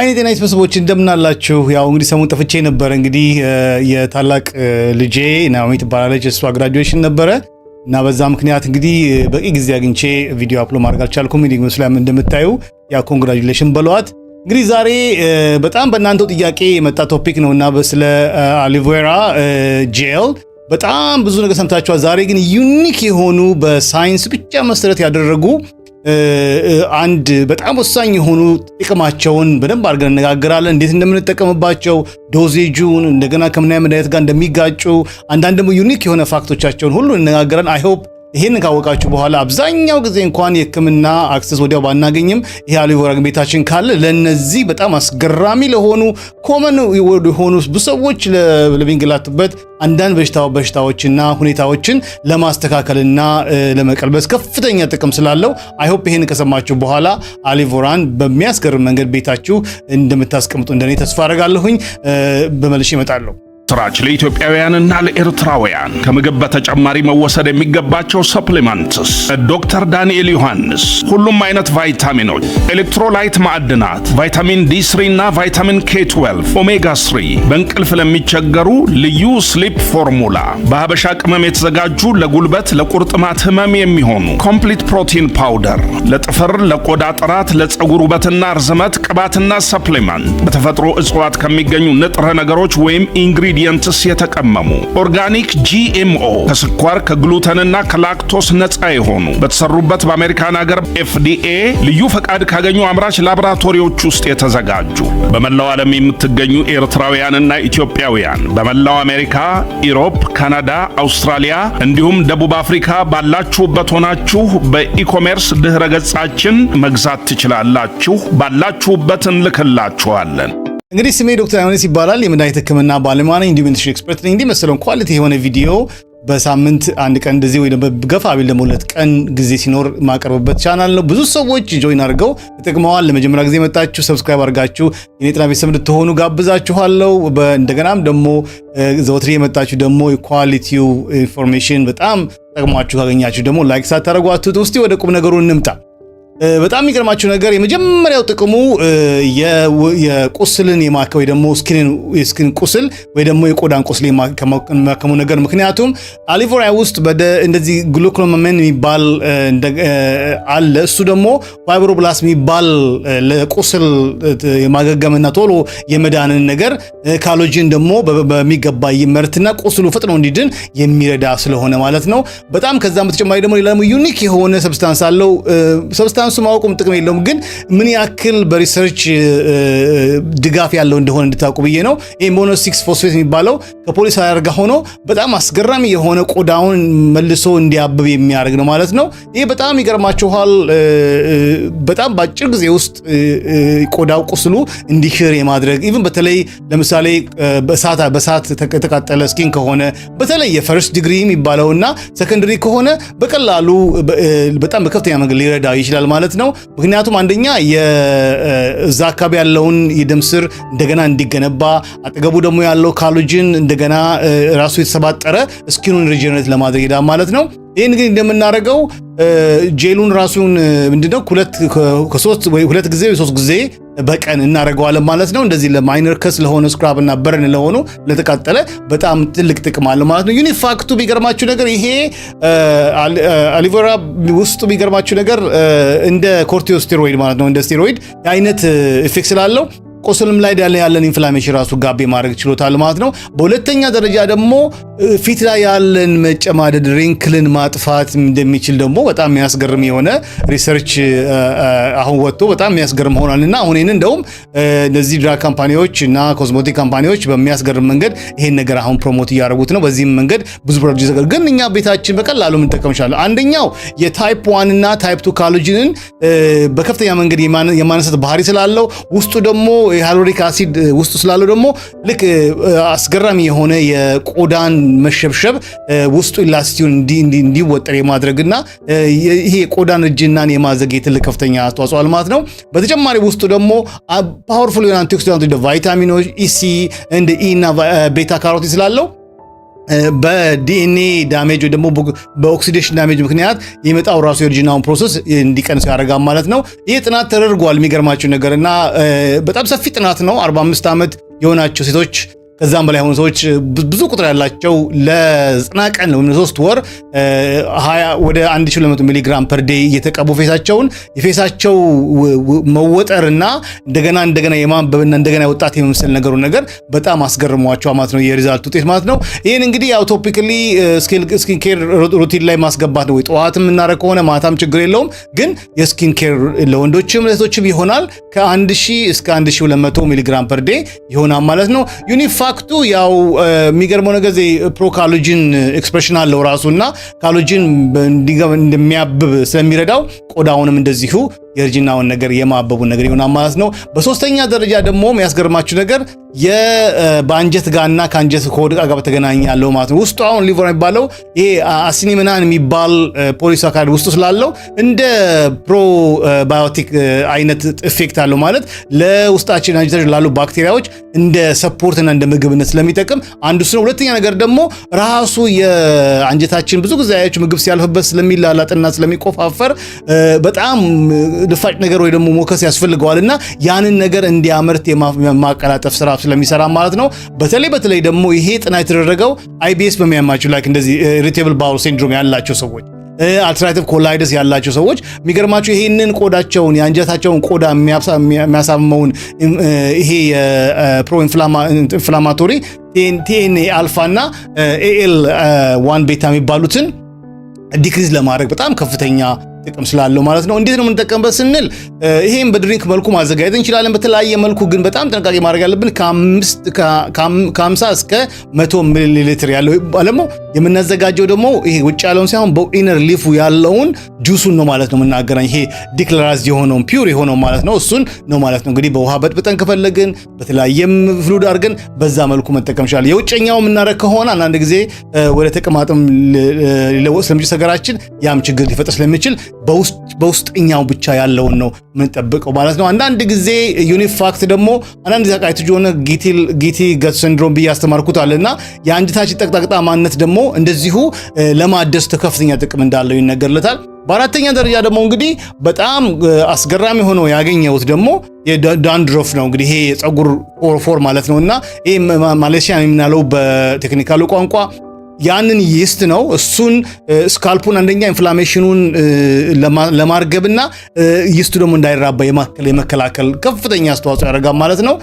አይነ ጤና ቤተሰቦች እንደምናላችሁ። ያው እንግዲህ ሰሞኑን ጠፍቼ ነበረ። እንግዲህ የታላቅ ልጄ ናሚ ትባላለች፣ እሷ ግራጁዌሽን ነበረ እና በዛ ምክንያት እንግዲህ በቂ ጊዜ አግኝቼ ቪዲዮ አፕሎ ማድረግ አልቻልኩም። እንግዲህ ምስሉ ላይ እንደምታዩ ያ ኮንግራጁሌሽን በለዋት። እንግዲህ ዛሬ በጣም በእናንተው ጥያቄ የመጣ ቶፒክ ነው እና ስለ አሊቬራ ጄል በጣም ብዙ ነገር ሰምታችኋል። ዛሬ ግን ዩኒክ የሆኑ በሳይንስ ብቻ መሰረት ያደረጉ አንድ በጣም ወሳኝ የሆኑ ጥቅማቸውን በደንብ አድርገን እነጋገራለን። እንዴት እንደምንጠቀምባቸው ዶዜጁን፣ እንደገና ከምናየ መድኃኒት ጋር እንደሚጋጩ አንዳንድ ደግሞ ዩኒክ የሆነ ፋክቶቻቸውን ሁሉ እነጋገራለን። አይሆፕ ይህን ካወቃችሁ በኋላ አብዛኛው ጊዜ እንኳን የህክምና አክሰስ ወዲያው ባናገኝም ይህ አሎቬራ ግን ቤታችን ካለ ለነዚህ በጣም አስገራሚ ለሆኑ ኮመን የሆኑ ብዙ ሰዎች ለሚንገላቱበት አንዳንድ በሽታ በሽታዎችና ሁኔታዎችን ለማስተካከልና ለመቀልበስ ከፍተኛ ጥቅም ስላለው አይሆፕ ይህን ከሰማችሁ በኋላ አሊቮራን በሚያስገርም መንገድ ቤታችሁ እንደምታስቀምጡ እንደኔ ተስፋ አደርጋለሁኝ። በመልሼ እመጣለሁ። ስራች ለኢትዮጵያውያንና ለኤርትራውያን ከምግብ በተጨማሪ መወሰድ የሚገባቸው ሰፕሊመንትስ ዶክተር ዳንኤል ዮሐንስ ሁሉም አይነት ቫይታሚኖች፣ ኤሌክትሮላይት፣ ማዕድናት፣ ቫይታሚን ዲ3 እና ቫይታሚን ኬ12፣ ኦሜጋ 3 በእንቅልፍ ለሚቸገሩ ልዩ ስሊፕ ፎርሙላ በሀበሻ ቅመም የተዘጋጁ ለጉልበት ለቁርጥማት ህመም የሚሆኑ ኮምፕሊት ፕሮቲን ፓውደር ለጥፍር፣ ለቆዳ ጥራት፣ ለፀጉር ውበትና ርዝመት ቅባትና ሰፕሊመንት በተፈጥሮ እጽዋት ከሚገኙ ንጥረ ነገሮች ወይም ኢንግሪዲ ኢንግሪዲየንትስ የተቀመሙ ኦርጋኒክ ጂኤምኦ ከስኳር ከግሉተንና ከላክቶስ ነፃ የሆኑ በተሰሩበት በአሜሪካን ሀገር ኤፍዲኤ ልዩ ፈቃድ ካገኙ አምራች ላቦራቶሪዎች ውስጥ የተዘጋጁ በመላው ዓለም የምትገኙ ኤርትራውያንና ኢትዮጵያውያን በመላው አሜሪካ፣ ኢሮፕ፣ ካናዳ፣ አውስትራሊያ እንዲሁም ደቡብ አፍሪካ ባላችሁበት ሆናችሁ በኢኮሜርስ ድኅረ ገጻችን መግዛት ትችላላችሁ። ባላችሁበት እንልክላችኋለን። እንግዲህ ስሜ ዶክተር ዮሐንስ ይባላል። የመድኃኒት ሕክምና ባለሙያ ነኝ። እንዲሁም ኒትሪሽን ኤክስፐርት ነኝ። እንዲህ መሰለውን ኳሊቲ የሆነ ቪዲዮ በሳምንት አንድ ቀን እንደዚህ ወይ ደግሞ ገፋ ቢል ደግሞ ሁለት ቀን ጊዜ ሲኖር ማቀርብበት ቻናል ነው። ብዙ ሰዎች ጆይን አድርገው ተጠቅመዋል። ለመጀመሪያ ጊዜ መጣችሁ ሰብስክራይብ አድርጋችሁ የኔ ጤና ቤተሰብ እንድትሆኑ ጋብዛችኋለሁ። እንደገናም ደግሞ ዘወትር የመጣችሁ ደግሞ የኳሊቲው ኢንፎርሜሽን በጣም ጠቅሟችሁ ካገኛችሁ ደግሞ ላይክ ሳታደርጉ አትውጡ። እስቲ ወደ ቁም ነገሩ እንምጣ። በጣም የሚገርማችሁ ነገር የመጀመሪያው ጥቅሙ የቁስልን የማከ ወይ ደግሞ ስኪን ቁስል ወይ ደግሞ የቆዳን ቁስል የማከሙ ነገር። ምክንያቱም አሊቮራ ውስጥ እንደዚህ ግሉኮናማይን የሚባል አለ። እሱ ደግሞ ፋይብሮብላስ የሚባል ለቁስል የማገገምና ቶሎ የመዳንን ነገር፣ ካሎጂን ደግሞ በሚገባ ይመርትና ቁስሉ ፈጥኖ እንዲድን የሚረዳ ስለሆነ ማለት ነው። በጣም ከዛም በተጨማሪ ደግሞ ሌላ ዩኒክ የሆነ ሰብስታንስ አለው ሰብስታንስ ሳይንሱ ማወቁም ጥቅም የለውም፣ ግን ምን ያክል በሪሰርች ድጋፍ ያለው እንደሆነ እንድታውቁ ብዬ ነው። ይህ ሞኖ ሲክስ ፎስፌት የሚባለው ከፖሊስ አያርጋ ሆኖ በጣም አስገራሚ የሆነ ቆዳውን መልሶ እንዲያብብ የሚያደርግ ነው ማለት ነው። ይህ በጣም ይገርማችኋል። በጣም በአጭር ጊዜ ውስጥ ቆዳው ቁስሉ እንዲሽር የማድረግ ኢቭን በተለይ ለምሳሌ በእሳት የተቃጠለ ስኪን ከሆነ በተለይ የፈርስት ዲግሪ የሚባለውና ሰከንድሪ ከሆነ በቀላሉ በጣም በከፍተኛ መንገድ ሊረዳ ይችላል ማለት ነው። ምክንያቱም አንደኛ እዛ አካባቢ ያለውን የደም ስር እንደገና እንዲገነባ አጠገቡ ደግሞ ያለው ካሎጅን እንደገና ራሱ የተሰባጠረ ስኪኑን ሪጀነሬት ለማድረግ ይዳ ማለት ነው። ይህን ግን እንደምናደርገው ጄሉን ራሱን ምንድነው ሁለት ጊዜ ሶስት ጊዜ በቀን እናደርገዋለን ማለት ነው። እንደዚህ ለማይነር ከስ ለሆነ ስክራብ እና በርን ለሆኑ ለተቃጠለ በጣም ትልቅ ጥቅም አለ ማለት ነው። ዩኒፋክቱ ቢገርማችሁ ነገር ይሄ አሊቨራ ውስጡ ቢገርማችሁ ነገር እንደ ኮርቲዮስቴሮይድ ማለት ነው እንደ ስቴሮይድ አይነት ኢፌክት ስላለው ቁስልም ላይ ያለን ኢንፍላሜሽን ራሱ ጋቢ ማድረግ ችሎታል ማለት ነው። በሁለተኛ ደረጃ ደግሞ ፊት ላይ ያለን መጨማደድ ሪንክልን ማጥፋት እንደሚችል ደግሞ በጣም የሚያስገርም የሆነ ሪሰርች አሁን ወጥቶ በጣም የሚያስገርም ሆኗል እና አሁን ይህን እንደውም እነዚህ ድራግ ካምፓኒዎች እና ኮስሞቲክ ካምፓኒዎች በሚያስገርም መንገድ ይሄን ነገር አሁን ፕሮሞት እያደረጉት ነው። በዚህም መንገድ ብዙ ፕሮጀክት ይዘጋል። ግን እኛ ቤታችን በቀላሉ የምንጠቀም አንደኛው የታይፕ ዋን እና ታይፕ ቱ ካሎጂንን በከፍተኛ መንገድ የማነሳት ባህሪ ስላለው ውስጡ ደግሞ የሃይሎሪክ አሲድ ውስጡ ስላለ ደግሞ ልክ አስገራሚ የሆነ የቆዳን መሸብሸብ ውስጡ ኢላስቲውን እንዲወጠር የማድረግና ይሄ የቆዳን እርጅናን የማዘግ የትልቅ ከፍተኛ አስተዋጽኦ አልማት ነው። በተጨማሪ ውስጡ ደግሞ ፓወርፉል የሆነ አንቲኦክሲዳንቶች ቫይታሚኖች፣ ኢሲ e እንደ ኢ e እና ቤታ ካሮቲ ስላለው በዲኤንኤ ዳሜጅ ወይ ደግሞ በኦክሲዴሽን ዳሜጅ ምክንያት የመጣው ራሱ የኦሪጂናውን ፕሮሰስ እንዲቀንስ ያደርጋል ማለት ነው። ይህ ጥናት ተደርጓል። የሚገርማችሁ ነገር እና በጣም ሰፊ ጥናት ነው። 45 ዓመት የሆናቸው ሴቶች ከዛም በላይ የሆኑ ሰዎች ብዙ ቁጥር ያላቸው ለዘጠና ቀን ወይም ለሶስት ወር ወደ 1200 ሚሊግራም ፐር ዴይ እየተቀቡ ፌሳቸውን የፌሳቸው መወጠርና እንደገና እንደገና የማንበብና እንደገና የወጣት የመምሰል ነገሩ ነገር በጣም አስገርሟቸው ማለት ነው። የሪዛልት ውጤት ማለት ነው። ይህን እንግዲህ ያው ቶፒክሊ ስኪን ኬር ሩቲን ላይ ማስገባት ነው ጠዋትም የምናደርግ ከሆነ ማታም ችግር የለውም። ግን የስኪን ኬር ለወንዶችም ለሴቶችም ይሆናል ከ1000 እስከ 1200 ሚሊግራም ፐር ዴይ ይሆናል ማለት ነው ዩኒፋ ኢምፓክቱ ያው የሚገርመው ነገር ፕሮ ካሎጂን ኤክስፕሬሽን አለው ራሱ እና ካሎጂን እንደሚያብብ ስለሚረዳው ቆዳውንም እንደዚሁ የእርጅናውን ነገር የማበቡን ነገር ይሆናል ማለት ነው። በሶስተኛ ደረጃ ደግሞ የሚያስገርማችሁ ነገር በአንጀት ጋርና ከአንጀት ከሆድ ጋር በተገናኘ ያለው ማለት ነው። ውስጡ አሁን ሊቨር የሚባለው ይሄ አሲኒ ምናን የሚባል ፖሊስ ፖሊሳካሪድ ውስጡ ስላለው እንደ ፕሮባዮቲክ አይነት ኢፌክት አለው ማለት ለውስጣችን አንጀታችን ላሉ ባክቴሪያዎች እንደ ሰፖርትና እንደ ምግብነት ስለሚጠቅም አንዱ ስነ ሁለተኛ ነገር ደግሞ ራሱ የአንጀታችን ብዙ ጊዜ ምግብ ሲያልፍበት ስለሚላላጥና ስለሚቆፋፈር በጣም ድፋጭ ነገር ወይ ደግሞ ሞከስ ያስፈልገዋል እና ያንን ነገር እንዲያመርት የማቀላጠፍ ስራ ስለሚሰራ ማለት ነው። በተለይ በተለይ ደግሞ ይሄ ጥናት የተደረገው አይቢኤስ በሚያማቸው ላይክ እንደዚህ ኢሪቴብል ባውል ሲንድሮም ያላቸው ሰዎች አልትራቲቭ ኮላይደስ ያላቸው ሰዎች የሚገርማቸው ይሄንን ቆዳቸውን የአንጀታቸውን ቆዳ የሚያሳመውን ይሄ የፕሮኢንፍላማቶሪ ቲኤንኤ አልፋ እና ኤኤል ዋን ቤታ የሚባሉትን ዲክሪዝ ለማድረግ በጣም ከፍተኛ ጥቅም ስላለው ማለት ነው። እንዴት ነው የምንጠቀምበት ስንል ይሄን በድሪንክ መልኩ ማዘጋጀት እንችላለን። በተለያየ መልኩ ግን በጣም ጥንቃቄ ማድረግ ያለብን ከ50 እስከ 100 ሚሊ ሊትር ያለው ደግሞ የምናዘጋጀው ደግሞ ይሄ ውጭ ያለውን ሳይሆን በኢነር ሊፉ ያለውን ጁሱን ነው ማለት ነው የምናገናኝ። ይሄ ዲክላራዝ የሆነውን ፒውር የሆነው ማለት ነው እሱን ነው ማለት ነው። እንግዲህ በውሃ በጥብጠን ከፈለግን በተለያየም ፍሉድ አድርገን በዛ መልኩ መጠቀም ይችላል። የውጨኛው የምናደርግ ከሆነ አንዳንድ ጊዜ ወደ ተቅማጥም ሊለወጥ ስለሚችል ሰገራችን ያም ችግር ሊፈጥር ስለሚችል በውስጥኛው ብቻ ያለውን ነው የምንጠብቀው ማለት ነው። አንዳንድ ጊዜ ዩኒፋክት ደግሞ አንዳንድ ጊዜ አቃይቱ የሆነ ጊቲ ገት ሲንድሮም ብዬ ያስተማርኩት እና የአንጀታችን ጠቅጣቅጣ ማንነት ደግሞ እንደዚሁ ለማደስ ከፍተኛ ጥቅም እንዳለው ይነገርለታል። በአራተኛ ደረጃ ደግሞ እንግዲህ በጣም አስገራሚ ሆኖ ያገኘሁት ደግሞ የዳንድሮፍ ነው። እንግዲህ ይሄ የፀጉር ፎር ማለት ነው እና ይህ ማሌሽያ የምናለው በቴክኒካሉ ቋንቋ ያንን ይስት ነው። እሱን ስካልፑን አንደኛ ኢንፍላሜሽኑን ለማርገብና ይስቱ ደግሞ እንዳይራባ የመከላከል ከፍተኛ አስተዋጽኦ ያደርጋል ማለት ነው።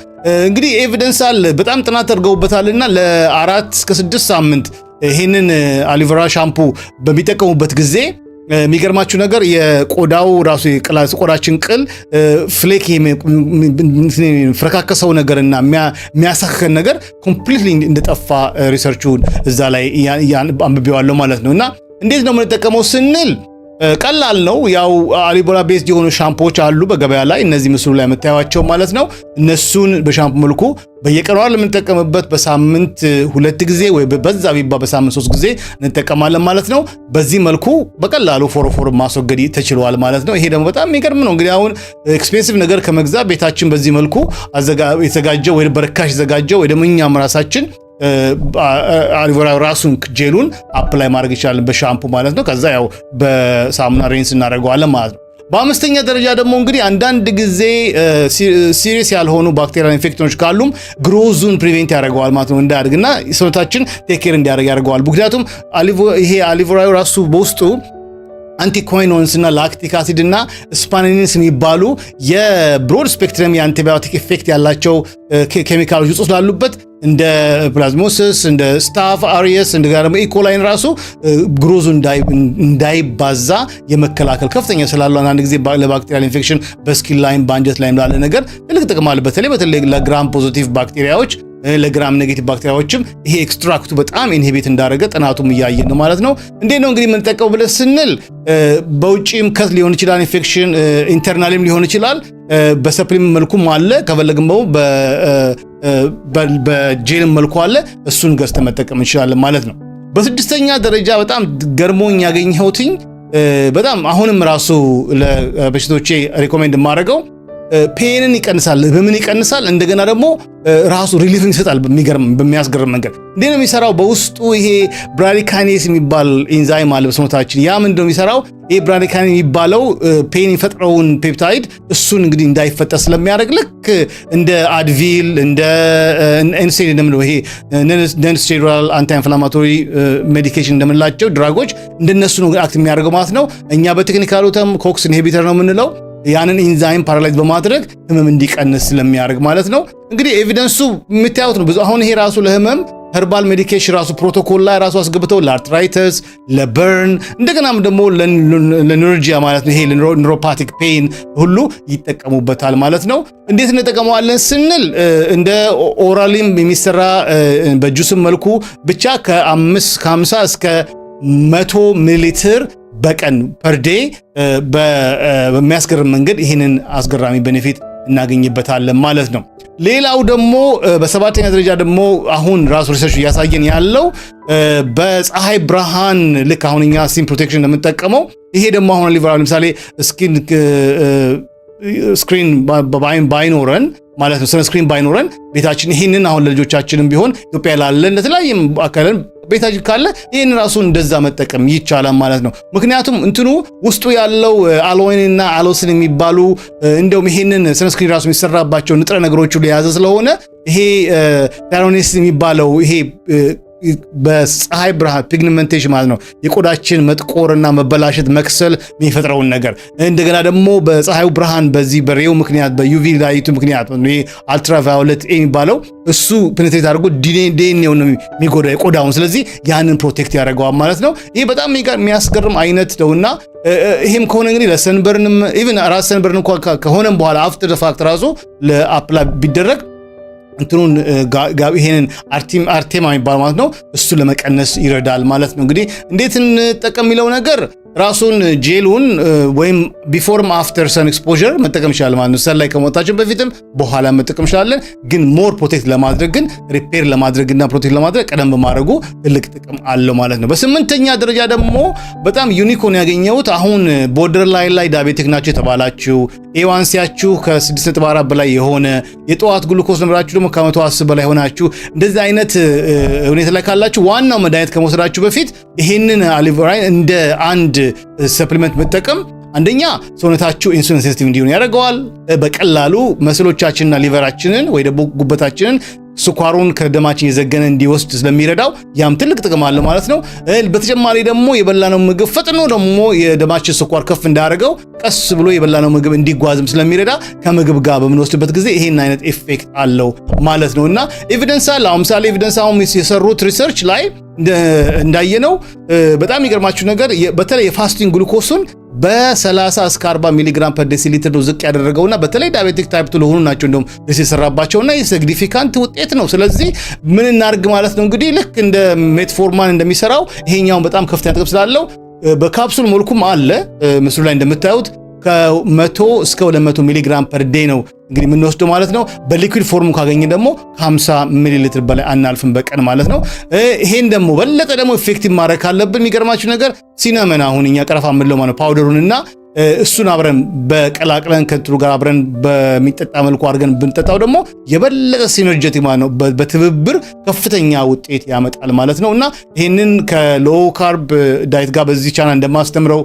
እንግዲህ ኤቪደንስ አለ፣ በጣም ጥናት አድርገውበታልና ለአራት እስከ ስድስት ሳምንት ይህንን አሊቨራ ሻምፑ በሚጠቀሙበት ጊዜ የሚገርማችሁ ነገር የቆዳው ራሱ ቆዳችን ቅል ፍሌክ ፍረካከሰው ነገርና የሚያሳክከን ነገር ኮምፕሊትሊ እንደጠፋ ሪሰርቹ እዛ ላይ አንብቤዋለሁ ማለት ነው። እና እንዴት ነው የምንጠቀመው ስንል ቀላል ነው። ያው አሊቦላ ቤዝድ የሆኑ ሻምፖዎች አሉ በገበያ ላይ እነዚህ ምስሉ ላይ የምታዩቸው ማለት ነው። እነሱን በሻምፖ መልኩ በየቀኗ ለምንጠቀምበት በሳምንት ሁለት ጊዜ ወይ በዛ ቢባ በሳምንት ሶስት ጊዜ እንጠቀማለን ማለት ነው። በዚህ መልኩ በቀላሉ ፎሮፎር ማስወገድ ተችሏል ማለት ነው። ይሄ ደግሞ በጣም የሚገርም ነው። እንግዲህ አሁን ኤክስፔንሲቭ ነገር ከመግዛት ቤታችን በዚህ መልኩ የተዘጋጀው ወይ በርካሽ የተዘጋጀው ወይ ደግሞ እኛም ራሳችን አሊቮራ ራሱን ጄሉን አፕላይ ማድረግ ይችላል በሻምፑ ማለት ነው። ከዛ ያው በሳሙና ሬንስ እናደርገዋለን ማለት ነው። በአምስተኛ ደረጃ ደግሞ እንግዲህ አንዳንድ ጊዜ ሲሪየስ ያልሆኑ ባክቴሪያል ኢንፌክሽኖች ካሉም ግሮዙን ፕሪቬንት ያደርገዋል ማለት ነው፣ እንዳያድግና ሰውነታችን ቴኬር እንዲያደርግ ያደርገዋል። ምክንያቱም ይሄ አሊቮራዩ ራሱ በውስጡ አንቲኮይኖንስ እና ላክቲክ አሲድ እና ስፓኒኒንስ የሚባሉ የብሮድ ስፔክትረም የአንቲባዮቲክ ኢፌክት ያላቸው ኬሚካሎች ውጡ ስላሉበት እንደ ፕላዝሞሲስ እንደ ስታፍ አሪየስ እንደጋ ደግሞ ኢኮላይን ራሱ ግሮዙ እንዳይባዛ የመከላከል ከፍተኛ ስላለው አንዳንድ ጊዜ ለባክቴሪያል ኢንፌክሽን በስኪን ላይም በአንጀት ላይም ላለ ነገር ትልቅ ጥቅም አለ። በተለይ በተለይ ለግራም ፖዚቲቭ ባክቴሪያዎች ለግራም ኔጌቲቭ ባክቴሪያዎችም ይሄ ኤክስትራክቱ በጣም ኢንሂቢት እንዳደረገ ጥናቱም እያየን ነው ማለት ነው። እንዴት ነው እንግዲህ የምንጠቀመው ብለን ስንል በውጭም ከት ሊሆን ይችላል፣ ኢንፌክሽን ኢንተርናልም ሊሆን ይችላል። በሰፕሊም መልኩም አለ ከፈለግን ደግሞ በጄልም መልኩ አለ። እሱን ገዝተን መጠቀም እንችላለን ማለት ነው። በስድስተኛ ደረጃ በጣም ገርሞኝ ያገኘሁትኝ በጣም አሁንም ራሱ ለበሽቶቼ ሪኮሜንድ የማደርገው ፔንን ይቀንሳል። ህመምን ይቀንሳል። እንደገና ደግሞ ራሱ ሪሊፍን ይሰጣል። በሚገርም በሚያስገርም መንገድ እንዴት ነው የሚሰራው? በውስጡ ይሄ ብራዲካኔስ የሚባል ኢንዛይም አለ በሰውነታችን። ያ ምንድን ነው የሚሰራው? ይሄ ብራዲካኔ የሚባለው ፔን የፈጥረውን ፔፕታይድ እሱን እንግዲህ እንዳይፈጠር ስለሚያደርግ ልክ እንደ አድቪል እንደ ኢንሱሊን እንደምንለው ይሄ ነን ስቴሮይዳል አንቲ ኢንፍላማቶሪ ሜዲኬሽን እንደምንላቸው ድራጎች እንደነሱ ነው አክት የሚያደርገው ማለት ነው። እኛ በቴክኒካሉ ተም ኮክስ ኢንሂቢተር ነው የምንለው ያንን ኢንዛይም ፓራላይዝ በማድረግ ህመም እንዲቀንስ ስለሚያደርግ ማለት ነው። እንግዲህ ኤቪደንሱ የምታዩት ነው ብዙ አሁን ይሄ ራሱ ለህመም ሄርባል ሜዲኬሽን ራሱ ፕሮቶኮል ላይ ራሱ አስገብተው ለአርትራይተስ፣ ለበርን እንደገናም ደግሞ ለኒሮጂያ ማለት ነው ይሄ ለኒሮፓቲክ ፔን ሁሉ ይጠቀሙበታል ማለት ነው። እንዴት እንጠቀመዋለን ስንል እንደ ኦራሊም የሚሰራ በጁስም መልኩ ብቻ ከአምስት ከ50 እስከ መቶ ሚሊሊትር በቀን ፐርዴ በሚያስገርም መንገድ ይህንን አስገራሚ ቤኔፊት እናገኝበታለን ማለት ነው። ሌላው ደግሞ በሰባተኛ ደረጃ ደግሞ አሁን ራሱ ሪሰርች እያሳየን ያለው በፀሐይ ብርሃን ልክ አሁን እኛ ሲን ፕሮቴክሽን እንደምንጠቀመው ይሄ ደግሞ አሁን ሊቨራል ለምሳሌ ስኪን ስክሪን ባይኖረን ማለት ነው፣ ስነ ስክሪን ባይኖረን ቤታችን ይህንን አሁን ለልጆቻችንም ቢሆን ኢትዮጵያ ላለን ለተለያየም አካለን ቤታችን ካለ ይህን ራሱ እንደዛ መጠቀም ይቻላል ማለት ነው። ምክንያቱም እንትኑ ውስጡ ያለው አልወይንና አሎስን የሚባሉ እንደውም ይህንን ስነስክሪን ራሱ የሚሰራባቸው ንጥረ ነገሮች የያዘ ስለሆነ ይሄ ዳሮኔስ የሚባለው ይሄ በፀሐይ ብርሃን ፒግመንቴሽን ማለት ነው የቆዳችን መጥቆርና መበላሸት መክሰል የሚፈጥረውን ነገር እንደገና ደግሞ በፀሐዩ ብርሃን በዚህ በሬው ምክንያት በዩቪ ላይቱ ምክንያት ይሄ አልትራቫዮሌት የሚባለው እሱ ፔኔትሬት አድርጎ ዲኤንኤውን የሚጎዳ የቆዳውን ስለዚህ ያንን ፕሮቴክት ያደርገዋል ማለት ነው። ይህ በጣም የሚያስገርም አይነት ነውና ይህም ከሆነ እንግዲህ ለሰንበርንም ኢቭን ራስ ሰንበርን እንኳ ከሆነም በኋላ አፍተር ፋክት ራሱ ለአፕላ ቢደረግ እንትኑን ይሄንን አርቴማ የሚባል ማለት ነው እሱ ለመቀነስ ይረዳል ማለት ነው። እንግዲህ እንዴት እንጠቀም የሚለው ነገር ራሱን ጄሉን ወይም ቢፎርም አፍተር ሰን ኤክስፖዠር መጠቀም ይችላል ማለት ነው። ሰን ላይ ከመውጣታችን በፊትም በኋላ መጠቀም ይችላለን። ግን ሞር ፕሮቴክት ለማድረግ ግን ሪፔር ለማድረግ እና ፕሮቴክት ለማድረግ ቀደም በማድረጉ ትልቅ ጥቅም አለው ማለት ነው። በስምንተኛ ደረጃ ደግሞ በጣም ዩኒኮን ያገኘሁት አሁን ቦርደር ላይ ላይ ዳቤቲክ ናቸው የተባላችሁ ኤዋንሲያችሁ ከ6.4 በላይ የሆነ የጠዋት ግሉኮስ ነምራችሁ ደግሞ ከ110 በላይ ሆናችሁ እንደዚህ አይነት ሁኔታ ላይ ካላችሁ ዋናው መድኃኒት ከመውሰዳችሁ በፊት ይህንን አሊቨራይን እንደ አንድ ሰፕሊመንት መጠቀም አንደኛ ሰውነታችሁ ኢንሱሊን ሴንሲቲቭ እንዲሆን ያደርገዋል። በቀላሉ መስሎቻችንና ሊቨራችንን ወይ ደግሞ ጉበታችንን ስኳሩን ከደማችን የዘገነ እንዲወስድ ስለሚረዳው ያም ትልቅ ጥቅም አለ ማለት ነው። በተጨማሪ ደግሞ የበላነው ምግብ ፈጥኖ ደግሞ የደማችን ስኳር ከፍ እንዳደረገው ቀስ ብሎ የበላነው ምግብ እንዲጓዝም ስለሚረዳ ከምግብ ጋር በምንወስድበት ጊዜ ይህን አይነት ኤፌክት አለው ማለት ነው እና ኤቪደንስ አለ። አሁን ምሳሌ ኤቪደንስ አሁን የሰሩት ሪሰርች ላይ እንዳየነው በጣም የሚገርማችሁ ነገር በተለይ የፋስቲንግ ግሉኮሱን በ30 እስከ 40 ሚሊግራም ፐር ዴሲሊትር ነው ዝቅ ያደረገውና በተለይ ዳያቤቲክ ታይፕ 2 ለሆኑ ናቸው እንደውም ደስ የሰራባቸውና የሲግኒፊካንት ውጤት ነው። ስለዚህ ምን እናርግ ማለት ነው እንግዲህ ልክ እንደ ሜትፎርማን እንደሚሰራው ይሄኛውን በጣም ከፍተኛ ጥቅም ስላለው በካፕሱል መልኩም አለ ምስሉ ላይ እንደምታዩት ከ100 እስከ 200 ሚሊግራም ፐር ዴይ ነው እንግዲህ የምንወስደው ማለት ነው። በሊኩድ ፎርሙ ካገኘን ደግሞ ከ50 ሚሊ ሊትር በላይ አናልፍም በቀን ማለት ነው። ይሄን ደግሞ በለጠ ደግሞ ኢፌክቲቭ ማድረግ ካለብን የሚገርማችሁ ነገር ሲነመን አሁን እኛ ቀረፋ የምንለው ማለት ፓውደሩን እና እሱን አብረን በቀላቅለን ከእንትኑ ጋር አብረን በሚጠጣ መልኩ አድርገን ብንጠጣው ደግሞ የበለጠ ሲነርጀቲ ማለት ነው። በትብብር ከፍተኛ ውጤት ያመጣል ማለት ነው እና ይህንን ከሎው ካርብ ዳይት ጋር በዚህ ቻና እንደማስተምረው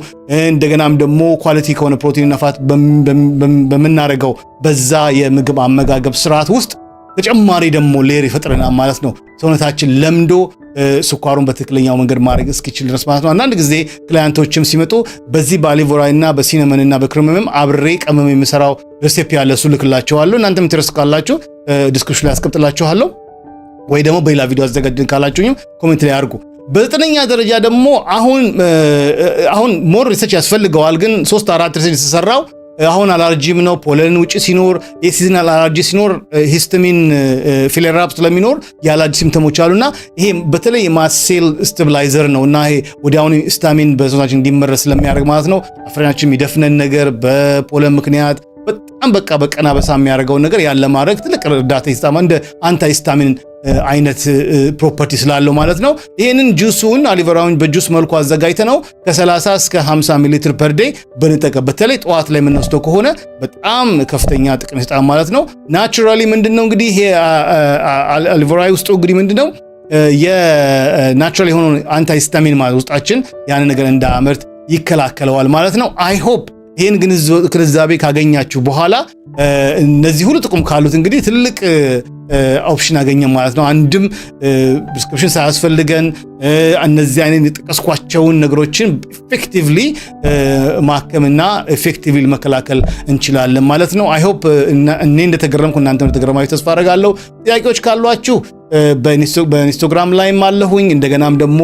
እንደገናም ደግሞ ኳሊቲ ከሆነ ፕሮቲን ነፋት በምናደርገው በዛ የምግብ አመጋገብ ስርዓት ውስጥ ተጨማሪ ደግሞ ሌር ይፈጥረናል ማለት ነው። ሰውነታችን ለምዶ ስኳሩን በትክክለኛው መንገድ ማድረግ እስኪችል ድረስ ማለት ነው። አንዳንድ ጊዜ ክላያንቶችም ሲመጡ በዚህ በሲነመን በሲነመንና በክርምምም አብሬ ቀመም የምሰራው ሬሴፕ ያለ እሱ ልክላችኋለሁ። እናንተም ኢንተረስት ካላችሁ ዲስክሪፕሽን ላይ አስቀምጥላችኋለሁ፣ ወይ ደግሞ በሌላ ቪዲዮ አዘጋጅን ካላችሁኝም ኮሜንት ላይ አድርጉ። በዘጠነኛ ደረጃ ደግሞ አሁን አሁን ሞር ሪሰርች ያስፈልገዋል፣ ግን ሶስት አራት ሪሰርች የተሰራው አሁን አላርጂም ነው። ፖለን ውጭ ሲኖር የሲዝናል አላርጂ ሲኖር ሂስታሚን ፊሌራፕ ስለሚኖር የአላርጂ ሲምፕተሞች አሉና ይሄ በተለይ የማሴል ስቴብላይዘር ነው እና ይሄ ወዲያውኑ ስታሚን በሰውነታችን እንዲመረስ ስለሚያደርግ ማለት ነው። አፍንጫችን የሚደፍነን ነገር በፖለን ምክንያት በጣም በቃ በቀና በቀናበሳ የሚያደርገውን ነገር ያን ለማድረግ ትልቅ እርዳታ ይስጣማ እንደ አንታይስታሚን አይነት ፕሮፐርቲ ስላለው ማለት ነው። ይህንን ጁሱን አሊቨራውን በጁስ መልኩ አዘጋጅተ ነው ከ30 እስከ 50 ሚሊ ሊትር ፐር ዴይ ብንጠቀም በተለይ ጠዋት ላይ የምንወስደው ከሆነ በጣም ከፍተኛ ጥቅም ይሰጣል ማለት ነው። ናቹራሊ ምንድን ነው እንግዲህ ይሄ አሊቨራ ውስጡ እንግዲህ ምንድን ነው የናቹራል የሆነውን አንታይስታሚን ማለት ውስጣችን ያንን ነገር እንዳያመርት ይከላከለዋል ማለት ነው። አይሆፕ ይህን ግንዛቤ ካገኛችሁ በኋላ እነዚህ ሁሉ ጥቅም ካሉት እንግዲህ ትልቅ ኦፕሽን አገኘ ማለት ነው። አንድም ፕሪስክሪፕሽን ሳያስፈልገን እነዚህ አይነት የጠቀስኳቸውን ነገሮችን ኢፌክቲቭሊ ማከምና ኢፌክቲቭሊ መከላከል እንችላለን ማለት ነው። አይ ሆፕ እኔ እንደተገረምኩ እናንተ እንደተገረማችሁ ተስፋ አደርጋለሁ። ጥያቄዎች ካሏችሁ በኢንስቶግራም ላይም አለሁኝ እንደገናም ደግሞ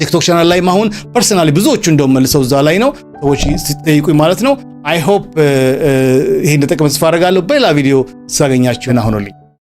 ቲክቶክ ቻናል ላይ አሁን ፐርሰናሊ ብዙዎቹ እንደውም መልሰው እዛ ላይ ነው ሰዎች ሲጠይቁኝ ማለት ነው። አይሆፕ ይሄ እንደጠቀመ ተስፋ አደርጋለሁ። በሌላ ቪዲዮ ሳገኛችሁን አሁኑልኝ።